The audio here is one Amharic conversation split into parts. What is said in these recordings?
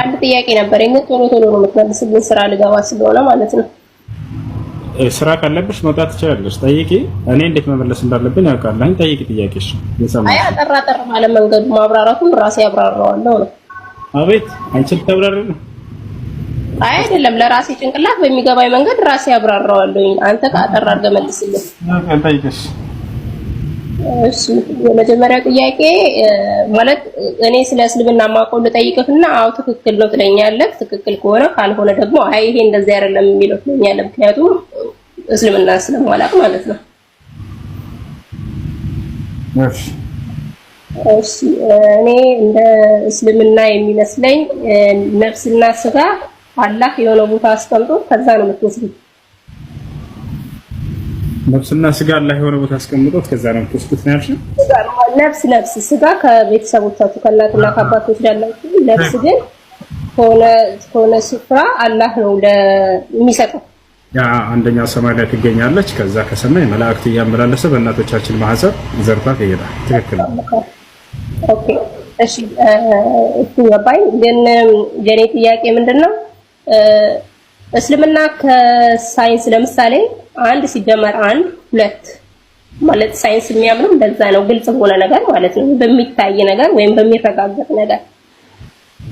አንድ ጥያቄ ነበር። እንግዲህ ቶሎ ቶሎ ነው የምትመልስልኝ፣ ስራ ልገባ ስለሆነ ማለት ነው። ስራ ካለብሽ መውጣት ትችላለሽ። ጠይቂ። እኔ እንዴት መመለስ እንዳለብኝ ያውቃለሁ። ጠይቂ ጥያቄሽ። አይ አጠር አጠር ባለ መንገዱ ማብራራቱን ራሴ ያብራራዋለሁ ነው። አቤት አንቺ ልታብራሪ ነው? አይ አይደለም፣ ለራሴ ጭንቅላት በሚገባኝ መንገድ ራሴ አብራራዋለሁ። አንተ ካጠራ አጠር አድርገህ መልስልኝ። ጠይቂሽ እሺ የመጀመሪያ ጥያቄ ማለት እኔ ስለ እስልምና ማቆም ልጠይቅህና አዎ ትክክል ነው ትለኛለህ። ትክክል ከሆነ ካልሆነ ደግሞ አይ ይሄ እንደዚህ አይደለም የሚለው ትለኛለህ። ምክንያቱም እስልምና ስለማላቅ ማለት ነው። እሺ እሺ እኔ እንደ እስልምና የሚመስለኝ ነፍስና ስጋ አላህ የሆነ ቦታ አስቀምጦ ከዛ ነው የምትወስዱት ነፍስና ስጋ አላህ የሆነ ቦታ አስቀምጦት ከዛ ነው የምትወስዱት ነው ያልሽኝ። ነፍስ ነፍስ ስጋ ከቤተሰቦቻችሁ ከእናትና ከአባት ትወስዳላችሁ። ነፍስ ግን ከሆነ ስፍራ አላህ ነው የሚሰጠው። ያ አንደኛ ሰማይ ላይ ትገኛለች። ከዛ ከሰማይ መላእክት እያመላለሰ በእናቶቻችን ማህፀን ዘርታ ትሄዳል። ትክክል ነው። ኦኬ እሺ፣ እሱ ገባኝ። ግን የኔ ጥያቄ ምንድን ነው? እስልምና ከሳይንስ ለምሳሌ አንድ ሲደመር አንድ ሁለት ማለት ሳይንስ የሚያምነው እንደዛ ነው፣ ግልጽ በሆነ ነገር ማለት ነው፣ በሚታይ ነገር ወይም በሚረጋገጥ ነገር።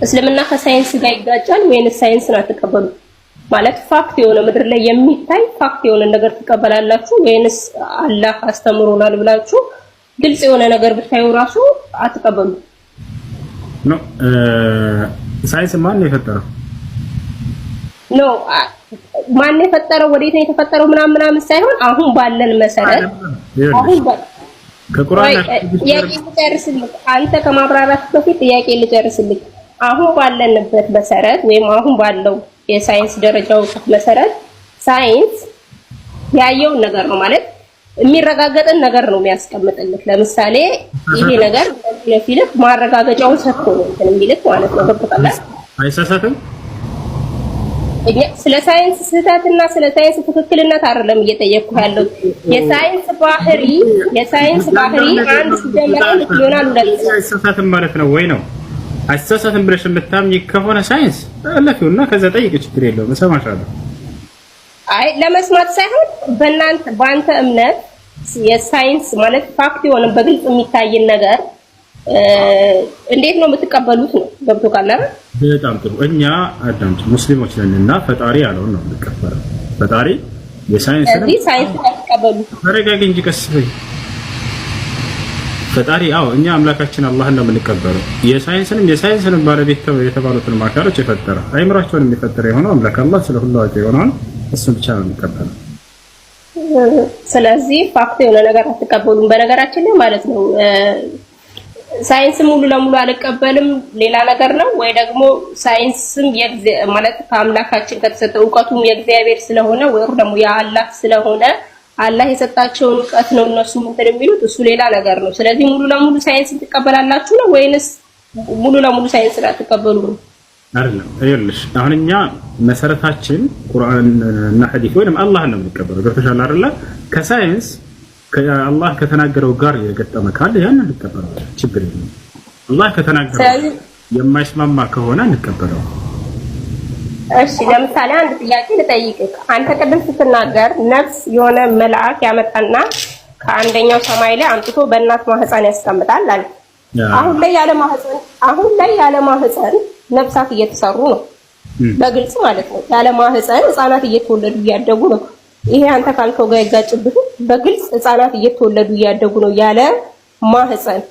እስልምና ከሳይንስ ጋር ይጋጫል ወይንስ ሳይንስን አትቀበሉ? ማለት ፋክት የሆነ ምድር ላይ የሚታይ ፋክት የሆነ ነገር ትቀበላላችሁ ወይንስ አላህ አስተምሮናል ብላችሁ ግልጽ የሆነ ነገር ብታዩ ራሱ አትቀበሉ ነው? ሳይንስ ማን ነው የፈጠረው? ነው ማን የፈጠረው ወዴት ነው የተፈጠረው ምናምን ምናምን ሳይሆን አሁን ባለን መሰረት አሁን ጥያቄ ልጨርስልህ። አንተ ከማብራራት በፊት ጥያቄ ልጨርስልህ። አሁን ባለንበት መሰረት ወይም አሁን ባለው የሳይንስ ደረጃው እውቀት መሰረት ሳይንስ ያየውን ነገር ነው ማለት የሚረጋገጥን ነገር ነው የሚያስቀምጥልህ። ለምሳሌ ይሄ ነገር ለፊልፍ ማረጋገጫውን ሰጥቶ ነው እንትን የሚልህ ማለት ነው። ገብቶሃል አይሳሳትም? ስለ ሳይንስ ስህተትና ስለ ሳይንስ ትክክልነት አይደለም እየጠየቅኩ ያለው። የሳይንስ ባህሪ የሳይንስ ባህሪ አንድ ሲደመር አንድ ይሆናል ሁለት። አይሳሳትም ማለት ነው ወይ ነው? አይሳሳትም ብለሽ የምታምኝ ከሆነ ሳይንስ አለፊውና ከዛ ጠይቅ፣ ችግር የለውም እሰማሻለሁ። አይ ለመስማት ሳይሆን በእናንተ በአንተ እምነት የሳይንስ ማለት ፋክት የሆነ በግልጽ የሚታይን ነገር እንዴት ነው የምትቀበሉት? ነው ገብቶ ካለ በጣም ጥሩ። እኛ አዳምጭ ሙስሊሞች ነን እና ፈጣሪ ያለውን ነው የምንቀበለው። ፈጣሪ የሳይንስ ነው። ሳይንስ ያስቀበሉ ተረጋግ እንጂ ቀስ በይ ፈጣሪ አዎ፣ እኛ አምላካችን አላህን ነው የምንቀበለው። የሳይንስንም የሳይንስንም ባለቤት ተው የተባሉትን አካሎች የፈጠረ አይምራቸውን የሚፈጠረ የሆነው አምላክ አላህ ስለ ሁሉ አዋቂ የሆነውን እሱን ብቻ ነው የምንቀበለው። ስለዚህ ፋክት የሆነ ነገር አትቀበሉም። በነገራችን ላይ ማለት ነው ሳይንስ ሙሉ ለሙሉ አልቀበልም ሌላ ነገር ነው ወይ ደግሞ ሳይንስም ማለት ከአምላካችን ከተሰጠ እውቀቱም የእግዚአብሔር ስለሆነ ወይ ደግሞ የአላህ ስለሆነ አላህ የሰጣቸውን እውቀት ነው እነሱ እንትን የሚሉት እሱ ሌላ ነገር ነው። ስለዚህ ሙሉ ለሙሉ ሳይንስ ትቀበላላችሁ ነው ወይንስ ሙሉ ለሙሉ ሳይንስ አትቀበሉ ነው? አይደለም። ይኸውልሽ አሁን እኛ መሰረታችን ቁርአን እና ሐዲስ ወይንም አላህን ነው የምንቀበለው። ገብቶሻል አይደለ? ከሳይንስ አላህ ከተናገረው ጋር የገጠመ ካለ ያን እንቀበለው፣ ችግር የለም። አላህ ከተናገረው የማይስማማ ከሆነ እንቀበለው። እሺ፣ ለምሳሌ አንድ ጥያቄ ልጠይቅህ። አንተ ቅድም ስትናገር ነፍስ የሆነ መልአክ ያመጣና ከአንደኛው ሰማይ ላይ አምጥቶ በእናት ማህፀን ያስቀምጣል አለ። አሁን ላይ ያለ ማህፀን አሁን ላይ ያለ ማህፀን ነፍሳት እየተሰሩ ነው፣ በግልጽ ማለት ነው። ያለ ማህፀን ህፃናት እየተወለዱ እያደጉ ነው። ይሄ አንተ ካልከው ጋር ይጋጭብህ። በግልጽ ህፃናት እየተወለዱ እያደጉ ነው ያለ ማህፀን።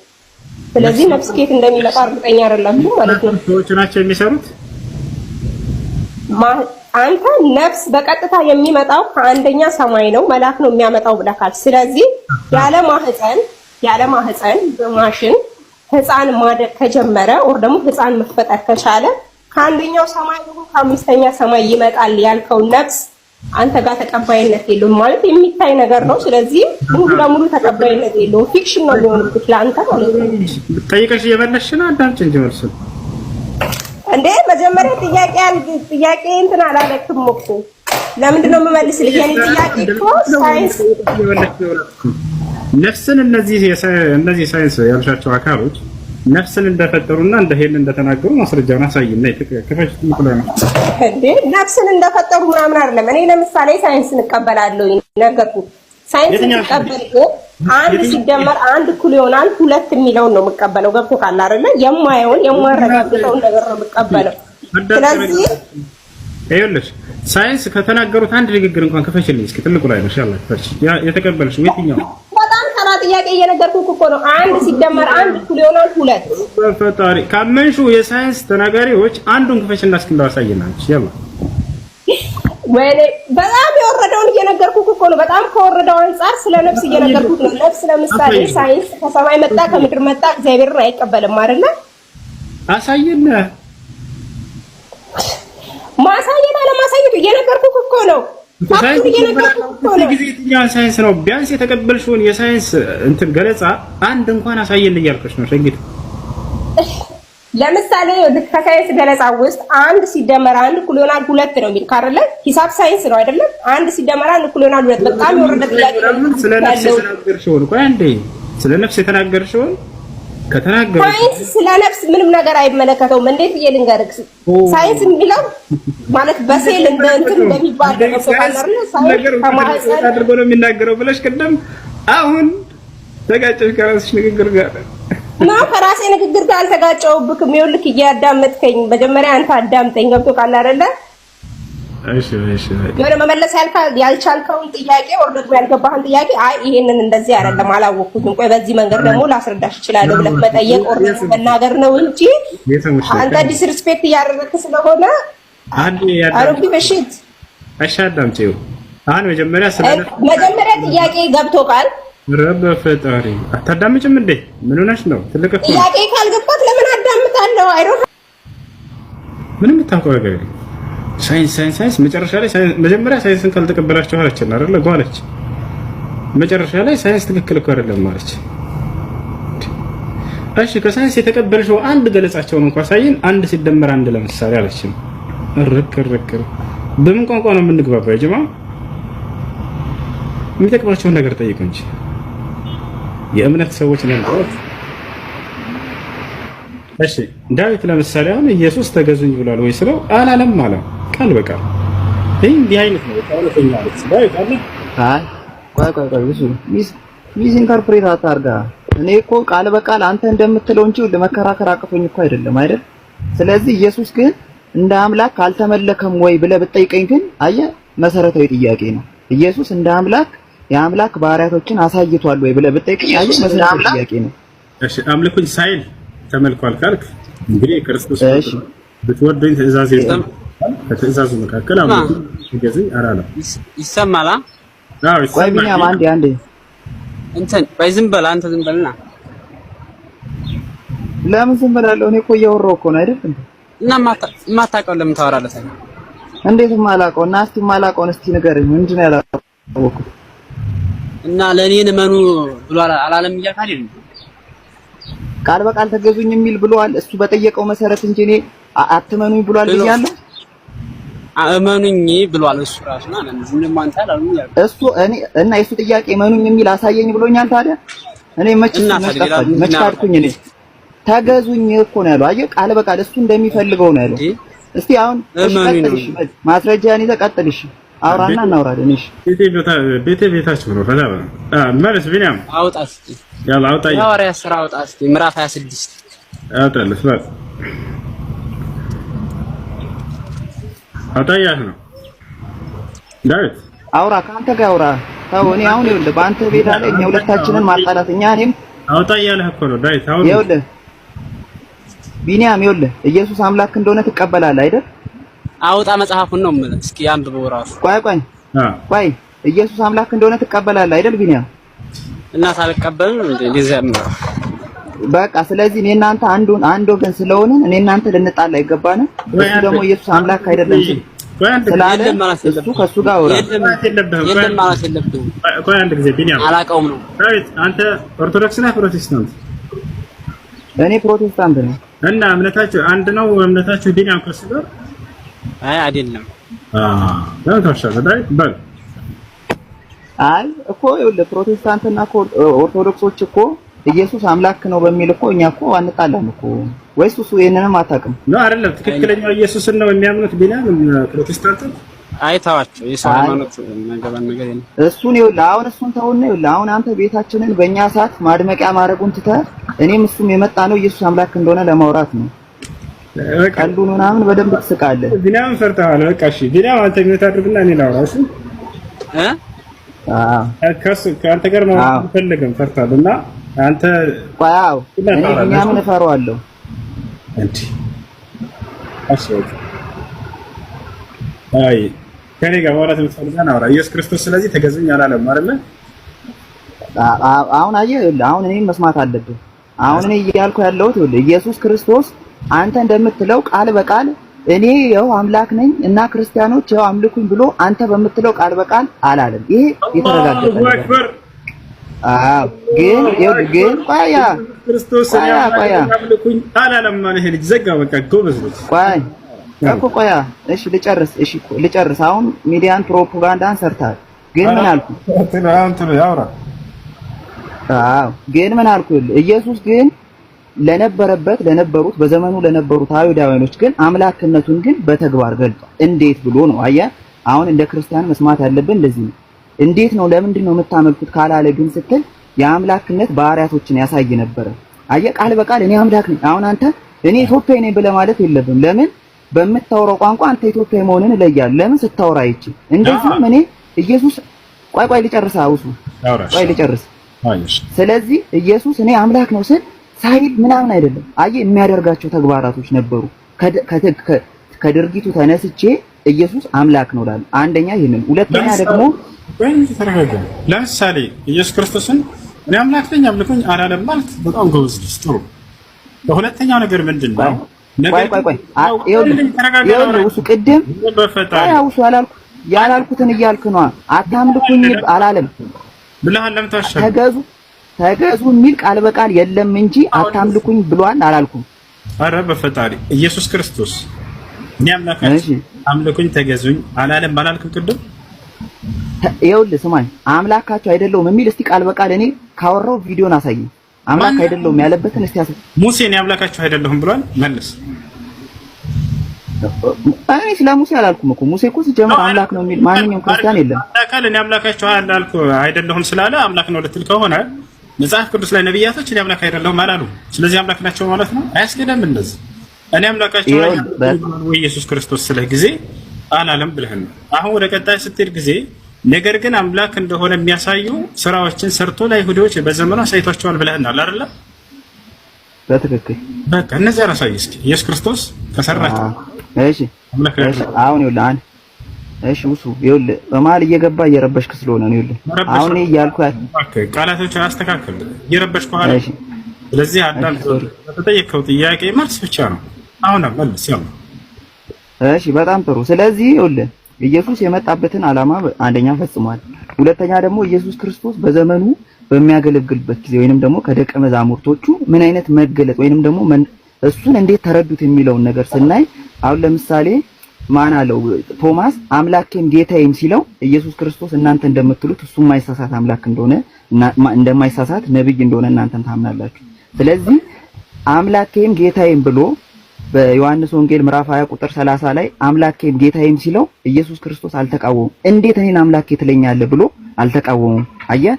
ስለዚህ ነፍስ ከየት እንደሚመጣ እርግጠኛ አይደላችሁ ማለት ነው። ሰዎች ናቸው የሚሰሩት። አንተ ነፍስ በቀጥታ የሚመጣው ከአንደኛ ሰማይ ነው፣ መልአክ ነው የሚያመጣው ብለካል። ስለዚህ ያለ ማህፀን ያለ ማህፀን በማሽን ህፃን ማደግ ከጀመረ ወር ደግሞ ህፃን መፈጠር ከቻለ ከአንደኛው ሰማይ ከአምስተኛ ሰማይ ይመጣል ያልከው ነፍስ አንተ ጋር ተቀባይነት የለውም ማለት የሚታይ ነገር ነው። ስለዚህ ሙሉ ለሙሉ ተቀባይነት የለውም፣ ፊክሽን ነው ሊሆንብህ ለአንተ ማለት ነው። ጠይቀሽ እየመለስሽ ነው። አዳምጪ እንጂ መልሱን እንዴ። መጀመሪያ ጥያቄ አንድ ጥያቄ እንትን አላለክም እኮ ለምንድን ነው የምመልስልህ? የኔ ጥያቄ እኮ ሳይንስ ነፍስን እነዚህ እነዚህ ሳይንስ ያልሻቸው አካሎች ነፍስን እንደፈጠሩና እንደ ሄል እንደተናገሩ ማስረጃውን አሳይና የተከፈች ምክሎ ነው እንዴ? ነፍስን እንደፈጠሩ ምናምን አይደለም። እኔ ለምሳሌ ሳይንስን እቀበላለሁ ነገርኩ። ሳይንስን እንቀበል ግን አንድ ሲደመር አንድ እኩል ይሆናል ሁለት የሚለውን ነው የምቀበለው። ገብቶ ካለ አይደለ? የማየውን የማረጋግጠውን ነገር ነው የምቀበለው። ስለዚህ ይኸውልሽ ሳይንስ ከተናገሩት አንድ ንግግር እንኳን ክፈችልኝ እስኪ። ትልቁ ላይ ነው ሻላ ክፈች የተቀበልሽ የትኛው ጥያቄ እየነገርኩ እኮ ነው። አንድ ሲደመር አንድ እኩል ይሆናል ሁለት። በፈጣሪ ካመንሹ የሳይንስ ተናጋሪዎች አንዱን ክፈሽ እና እስኪ አሳየናለች። ያላ ወይኔ በጣም የወረደውን እየነገርኩ እኮ ነው። በጣም ከወረደው አንጻር ስለ ነፍስ እየነገርኩ ነው። ነፍስ ለምሳሌ ሳይንስ ከሰማይ መጣ ከምድር መጣ እግዚአብሔርን አይቀበልም አይደለ? አሳየነ ማሳየት አለማሳየቱ እየነገርኩህ እኮ ነው። የትኛውን ሳይንስ ነው? ቢያንስ የተቀበልሽውን የሳይንስ እንትን ገለጻ አንድ እንኳን አሳየን እያልከች ነው ሸንጌት። ለምሳሌ ከሳይንስ ገለጻ ውስጥ አንድ ሲደመር አንድ እኩል ይሆናል ሁለት ነው የሚል ካለ ሂሳብ ሳይንስ ነው አይደለም? አንድ ሲደመር አንድ እኩል ይሆናል ሁለት። በጣም የወረደ ጥያቄ። ስለ ነፍስ የተናገርሽውን ቆይ አንዴ፣ ስለ ነፍስ የተናገርሽውን ከተናገሩ ሳይንስ ስለ ነፍስ ምንም ነገር አይመለከተውም። እንዴት ልንገርህ፣ ሳይንስ የሚለው ማለት በሴል እንደሚባል ነገር አድርጎ ነው የሚናገረው ብለሽ ቅድም አሁን ተጋጨሽ ከራስሽ ንግግር ጋር እና ከራሴ ንግግር ጋር አልተጋጨሁብክም። ይኸውልህ እያዳመጥከኝ መጀመሪያ አንተ አዳምጠኝ ገብቶ ካለ እሺ እሺ የሆነ መመለስ ያልቻልከውን ጥያቄ ወር ያልገባህን ጥያቄ አይ ይሄንን እንደዚህ አይደለም አላወቅኩትም፣ ቆይ በዚህ መንገድ ደግሞ ላስረዳሽ እችላለሁ ብለህ መጠየቅ ወር መናገር ነው እንጂ አንተ ዲስሪስፔክት እያደረግክ ስለሆነ አሮጊ በሽት አይሻዳም። ጤው አሁን መጀመሪያ ስለ መጀመሪያ ጥያቄ ገብቶ ቃል ረበ ፈጣሪ አታዳምጭም እንዴ? ምን ሆነሽ ነው? ትልቅ ጥያቄ ካልገባት ለምን አዳምጣለሁ? አይሮ ምንም ታቆረገ ሳይንስ ሳይንስ ሳይንስ መጨረሻ ላይ መጀመሪያ ሳይንስን ካልተቀበላችሁ አለችን አይደለ? ጓለች መጨረሻ ላይ ሳይንስ ትክክል እኮ አይደለም አለች። እሺ ከሳይንስ የተቀበልሽው አንድ ገለጻቸውን እንኳን ሳይን አንድ ሲደመር አንድ ለምሳሌ አለችም። ርክ ርክ በምን ቋንቋ ነው የምንግባባው? ጅማ የሚጠቅማቸውን ነገር ጠይቁ እንጂ የእምነት ሰዎች ነን። እሺ ዳዊት ለምሳሌ አሁን ኢየሱስ ተገዙኝ ብሏል ወይ ስለው አላለም አለ ቃል በቃል ይህ እንዲህ አይነት ነው። እውነተኛ ቆይ ቆይ ቆይ ብዙ ሚስ ኢንተርፕሬት አታርጋ። እኔ እኮ ቃል በቃል አንተ እንደምትለው እንጂ ለመከራከር አቅቶኝ እኮ አይደለም አይደል? ስለዚህ ኢየሱስ ግን እንደ አምላክ አልተመለከም ወይ ብለህ ብትጠይቀኝ ግን አየህ መሰረታዊ ጥያቄ ነው። ኢየሱስ እንደ አምላክ የአምላክ ባህሪያቶችን አሳይቷል ወይ ብለህ ብትጠይቀኝ አየህ መሰረታዊ ጥያቄ ነው። እሺ አምልኩኝ ሳይል ተመልኳል ካልክ እንግዲህ ክርስቶስ ብትወደኝ ትእዛዝ ይወጣል ከትዕዛዙ መካከል አምልኩ ገዘኝ አላለም። ይሰማል። አዎ ይሰማል። አንዴ አንዴ እንትን በይ ዝም በል አንተ ዝም በልና። ለምን ዝም በላለሁ? እኔ እኮ እያወራሁ እኮ ነው አይደል እንዴ? እና የማታውቀውን ለምን ታወራለህ? እንዴት የማላውቀው እና እስቲ የማላውቀውን እስቲ ንገረኝ። ምንድን ነው ያላወቅሁት? እና ለእኔ እመኑ ብሎ አላለም እያልክ አይደል? ቃል በቃል ተገዙኝ የሚል ብሏል። እሱ በጠየቀው መሰረት እንጂ እኔ አትመኑኝ ብሏል ብያለሁ። እመኑኝ ብሏል። እሱ ራሱ እሱ እኔ እና የሱ ጥያቄ እመኑኝ የሚል አሳየኝ ብሎኛል። ታዲያ እኔ መች መች ካድኩኝ? እኔ ተገዙኝ እኮ ነው ያለው። አየህ፣ ቃል በቃል እሱ እንደሚፈልገው ነው ያለው። እስቲ አሁን ማስረጃ እኔ ተቀጥልሽ አውራና እናውራለን። እሺ ቤቴ ቤታችሁ ነው። ፈታ መልስ ቢኒያም አውጣ እስኪ ያላ አውጣ የሐዋርያት ሥራ አውጣ እስኪ ምዕራፍ 26 አውጣለሽ ማለት አውጣያት ነው ዳዊት አውራ ከአንተ ጋር አውራ ተው። እኔ አሁን ይኸውልህ በአንተ ቤት አለ እኛ ሁለታችንን ማጣላት እኛ እኔም አውጣ እያለህ እኮ ነው ዳዊት። አሁን ይኸውልህ ቢኒያም ይኸውልህ ኢየሱስ አምላክ እንደሆነ ትቀበላለህ አይደል? አውጣ መጽሐፉን ነው የምልህ። እስኪ አንብበው እራሱ። ቆይ ቆይ ቆይ ኢየሱስ አምላክ እንደሆነ ትቀበላለህ አይደል ቢኒያም? እና ሳልቀበል እንዴ ሊዘም በቃ ስለዚህ እኔ እናንተ አንዱን አንድ ወገን ስለሆንን እኔ እናንተ ልንጣላ አይገባንም። እሱ ደግሞ ኢየሱስ አምላክ አይደለም ስላለ እሱ ከእሱ ጋር አውራ አንድ ጊዜ ቢኒያም አላውቀውም ነው። አንተ ኦርቶዶክስ ነህ ፕሮቴስታንት? እኔ ፕሮቴስታንት ነኝ። እና እምነታችሁ አንድ ነው እምነታችሁ? ያው ከእሱ ጋር አይ አይደለም። አይ እኮ ይኸውልህ ፕሮቴስታንትና ኦርቶዶክሶች እኮ ኢየሱስ አምላክ ነው በሚል እኮ እኛ እኮ አንጣላም እኮ። ወይስ እሱ ይሄንንም አታውቅም ነው? አይደለም ትክክለኛው ኢየሱስን ነው የሚያምኑት። ቢላል ፕሮቴስታንት አይታዋቸው የሰው ሃይማኖት የሚያገባን ነገር የለም። እሱን ይኸውልህ፣ አሁን እሱን ተውና፣ ይኸውልህ አሁን አንተ ቤታችንን በእኛ ሰዓት ማድመቂያ ማድረጉን ትተህ እኔም እሱም የመጣ ነው ኢየሱስ አምላክ እንደሆነ ለማውራት ነው። ቀልዱን ምናምን በደንብ ትስቃለህ። ቢላም ፈርተሃል። በቃ እሺ ቢላም አንተ ሚወት አድርግና እኔ ላውራ እሺ እ ከእሱ ከአንተ ጋር ነው አልፈለገም። ፈርተሃል እና አንተ ዋው እኔ ቢንያምን እፈራዋለሁ። አንቺ አሽወት አይ ከኔ ጋር ማውራት የምትፈልገው አውራ። ኢየሱስ ክርስቶስ ስለዚህ ተገዙኝ አላለም አይደለ? አሁን አየህ፣ አሁን እኔ መስማት አለብህ። አሁን እኔ እያልኩ ያለሁት ይኸውልህ፣ ኢየሱስ ክርስቶስ አንተ እንደምትለው ቃል በቃል እኔ ያው አምላክ ነኝ እና ክርስቲያኖች ያው አምልኩኝ ብሎ አንተ በምትለው ቃል በቃል አላለም። ይሄ የተረጋገጠ ነው። ግን ግን ቆያ ክርስቶስ ያምልኩኝ አላለም። ይሄ ልጅ ዘጋ። በቃ ጎበዝ ልጅ ቆይ እኮ ቆያ። እሺ ልጨርስ፣ እሺ ልጨርስ። አሁን ሚዲያን ፕሮፓጋንዳን ሰርታል። ግን ምን አልኩ? አዎ ግን ምን አልኩ? ኢየሱስ ግን ለነበረበት ለነበሩት በዘመኑ ለነበሩት አይሁዳውያኖች ግን አምላክነቱን ግን በተግባር ገልጧል። እንዴት ብሎ ነው? አየህ፣ አሁን እንደ ክርስቲያን መስማት ያለብን እንደዚህ ነው። እንዴት ነው ለምንድን ነው የምታመልኩት ካላለ ግን ስትል የአምላክነት ባህሪያቶችን ያሳይ ነበረ። አየህ ቃል በቃል እኔ አምላክ ነኝ። አሁን አንተ እኔ ኢትዮጵያ ነኝ ብለህ ማለት የለብም። ለምን በምታወራው ቋንቋ አንተ ኢትዮጵያ መሆንን እለያለሁ። ለምን ስታወራ አይቺ እንደዚህም እኔ ኢየሱስ ቆይ ቆይ ልጨርስ፣ አውሱ ቆይ ልጨርስ። ስለዚህ ኢየሱስ እኔ አምላክ ነው ስል ሳይል ምናምን አይደለም። አየህ የሚያደርጋቸው ተግባራቶች ነበሩ። ከድርጊቱ ተነስቼ ኢየሱስ አምላክ ነው እላለሁ። አንደኛ ይሄንን፣ ሁለተኛ ደግሞ ወይም ተረጋጋ። ለምሳሌ ኢየሱስ ክርስቶስን እኔ አምላክ ነኝ አምልኩኝ አላለም ማለት በጣም ጎበዝ ልጅ ጥሩ። በሁለተኛው ነገር ምንድን ነው ነገር ይኸውልህ፣ ቅድም ውሱ አላልኩ ያላልኩትን እያልክ ነዋ። አታምልኩኝ አላለም ብለሃል። ተገዙ ተገዙ የሚል ቃል በቃል የለም እንጂ አታምልኩኝ ብሏል አላልኩም። አረ በፈጣሪ ኢየሱስ ክርስቶስ እኔ አምላክ አምልኩኝ ተገዙኝ አላለም አላልክም ቅድም ይኸውልህ ስማኝ፣ አምላካቸው አይደለሁም የሚል እስቲ ቃል በቃል እኔ ካወራው ቪዲዮን አሳይ። አምላክ አይደለሁም ያለበትን እስቲ አሳይ። ሙሴ እኔ አምላካቸው አይደለሁም ብሏል። መልስ። እኔ ስለ ሙሴ አላልኩም እኮ ሙሴ እኮ ሲጀምር አምላክ ነው የሚል ማንኛውም ክርስቲያን የለም። አካል እኔ አምላካቸው አላልኩ አይደለሁም ስላለ አምላክ ነው ልትል ከሆነ መጽሐፍ ቅዱስ ላይ ነብያቶች እኔ አምላክ አይደለሁም አላሉ። ስለዚህ አምላክ ናቸው ማለት ነው። አያስገደም እንደዚህ እኔ አምላካቸው ኢየሱስ ክርስቶስ ስለ ጊዜ አላለም ብለህ ነው። አሁን ወደ ቀጣይ ስትሄድ ጊዜ ነገር ግን አምላክ እንደሆነ የሚያሳዩ ስራዎችን ሰርቶ ለአይሁዶች በዘመኑ አሳይቷቸዋል ብለህናል አይደለ? በትክክል በቃ እነዚያ ራሳይ እስኪ ኢየሱስ ክርስቶስ ተሰራቸው። እሺ አሁን ይኸውልህ አንድ እሺ ውሱ ይኸውልህ በመሀል እየገባ እየረበሽክ ስለሆነ ነው። ይኸውልህ አሁን እኔ እያልኩህ ቃላቶች አስተካክል፣ እየረበሽኩ አለ። እሺ ስለዚህ አዳም ተጠየቀው ጥያቄ መልስ ብቻ ነው። አሁን መልስ ያው እሺ በጣም ጥሩ። ስለዚህ ይኸውልህ ኢየሱስ የመጣበትን ዓላማ አንደኛ ፈጽሟል። ሁለተኛ ደግሞ ኢየሱስ ክርስቶስ በዘመኑ በሚያገለግልበት ጊዜ ወይንም ደግሞ ከደቀ መዛሙርቶቹ ምን አይነት መገለጥ ወይንም ደግሞ እሱን እንዴት ተረዱት የሚለውን ነገር ስናይ አሁን ለምሳሌ ማን አለው ቶማስ አምላኬም ጌታዬም ሲለው ኢየሱስ ክርስቶስ እናንተ እንደምትሉት እሱ የማይሳሳት አምላክ እንደሆነ እንደማይሳሳት ነብይ እንደሆነ እናንተም ታምናላችሁ። ስለዚህ አምላኬም ጌታዬም ብሎ በዮሐንስ ወንጌል ምዕራፍ 20 ቁጥር 30 ላይ አምላኬም ጌታዬም ሲለው ኢየሱስ ክርስቶስ አልተቃወሙም። እንዴት እኔን አምላኬ ትለኛለህ ብሎ አልተቃወሙም። አየህ፣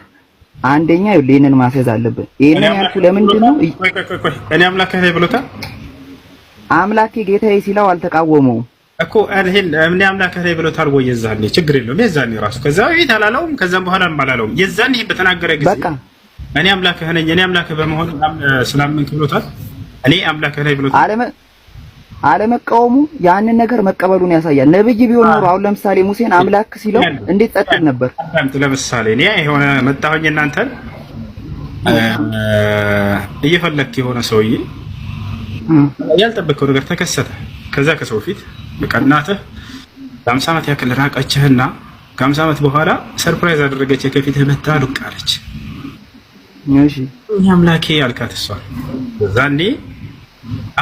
አንደኛ ይህንን ማስያዝ አለብን። ይሄንን ያልኩ ለምንድን ነው? እኔ አምላኬ ነኝ ብሎታል። አምላኬ ጌታዬ ሲለው አልተቃወሙም እኮ አልሄል እኔ አምላኬ ነኝ ብሎታል ወይ? የዛኔ ችግር የለውም። የዛኔ ራሱ ከዛ በፊት አላለውም፣ ከዛም በኋላ አላለውም። የዛኔ ይሄን በተናገረ ጊዜ በቃ እኔ አምላኬ ነኝ፣ እኔ አምላኬ በመሆን ስላመንክ ብሎታል። እኔ አምላኬ ነኝ ብሎታል። አለመቃወሙ ያንን ነገር መቀበሉን ያሳያል። ነብይ ቢሆን ኖሮ አሁን ለምሳሌ ሙሴን አምላክ ሲለው እንዴት ጸጥል ነበር? ለምሳሌ እኔ የሆነ መጣሁኝ እናንተን እየፈለግክ የሆነ ሰውዬ ያልጠበቀው ነገር ተከሰተ። ከዛ ከሰው ፊት በቀናትህ ከአምሳ ዓመት ያክል ራቀችህና ከአምሳ ዓመት በኋላ ሰርፕራይዝ አደረገች። ከፊትህ መታ ዱቅ አለች። አምላኬ ያልካት እሷ ዛኔ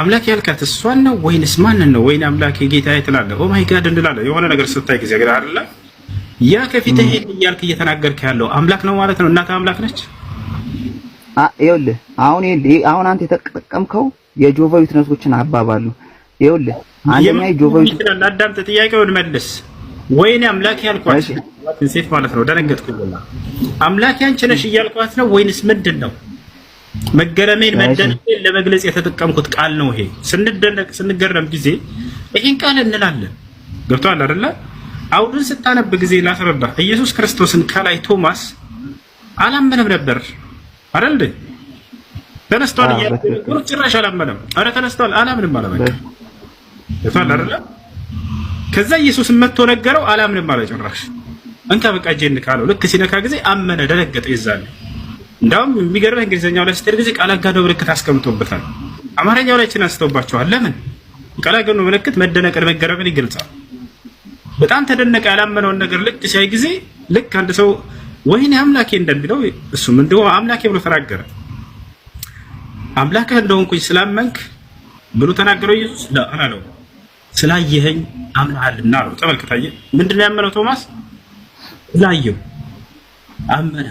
አምላክ ያልካት እሷን ነው ወይንስ ማንን ነው? ወይኔ አምላክ ጌታዬ ትላለህ። ኦ ማይ ጋድ እንላለን የሆነ ነገር ስታይ ጊዜ ግን አይደለ ያ ከፊት ይሄን እያልክ እየተናገርክ ያለው አምላክ ነው ማለት ነው። እናትህ አምላክ ነች። ይኸውልህ አሁን አሁን አንተ የተጠቀምከው የጆቫ ዊትነሶችን አባባል ነው። ይኸውልህ አንደኛ የጆቫ ዊትነስ አዳምጥ፣ ጥያቄውን መልስ። ወይኔ አምላክ ያልኳት ሴት ማለት ነው። ደነገጥኩኝ። አምላክ ያንቺ ነሽ እያልኳት ነው ወይንስ ምንድን ነው? መገረሜን መደነቄን ለመግለጽ የተጠቀምኩት ቃል ነው። ይሄ ስንደነቅ ስንገረም ጊዜ ይህን ቃል እንላለን። ገብቶሃል አይደለ? አውዱን ስታነብ ጊዜ ላስረዳ። ኢየሱስ ክርስቶስን ከላይ ቶማስ አላመነም ነበር አይደል እንዴ? ተነስቷል እያለ ጭራሽ አላመነም። አረ ተነስቷል አላምንም አለ በቃ። ገብቶሃል አይደለ? ከዛ ኢየሱስ መጥቶ ነገረው። አላምንም አለ ጭራሽ። እንካ በቃ እጄን ካለው ልክ ሲነካ ጊዜ አመነ፣ ደነገጠ። ይዛል እንዳውም የሚገርም እንግሊዝኛው ላይ ስትሄድ ጊዜ ቃል አጋኖ ምልክት አስቀምጦበታል። አማርኛው ላይ ችን አንስተውባቸዋል። ለምን ቃል አጋኖ ምልክት መደነቅን፣ መገረምን ይገልጻል። በጣም ተደነቀ። ያላመነውን ነገር ልክ ሲያይ ጊዜ ልክ አንድ ሰው ወይኔ አምላኬ እንደሚለው እሱም እንዲሁ አምላኬ ብሎ ተናገረ። አምላክህ እንደሆንኩኝ ስላመንክ ብሎ ተናገረው ኢየሱስ አላለው። ስላየኸኝ አምናሃልና አለው። ተመልክታየ ምንድን ነው ያመነው ቶማስ? ስላየው አመነ።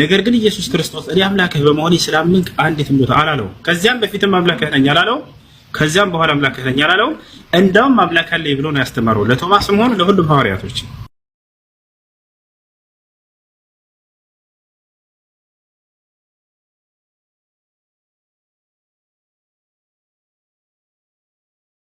ነገር ግን ኢየሱስ ክርስቶስ እኔ አምላክህ በመሆኔ ስላመንክ አንዲት ቦታ አላለው። ከዚያም በፊትም አምላክህ ነኝ አላለው። ከዚያም በኋላ አምላክህ ነኝ አላለው። እንዳውም አምላክ አለኝ ብሎ ነው ያስተማረው ለቶማስም ሆነ ለሁሉም ሐዋርያቶች።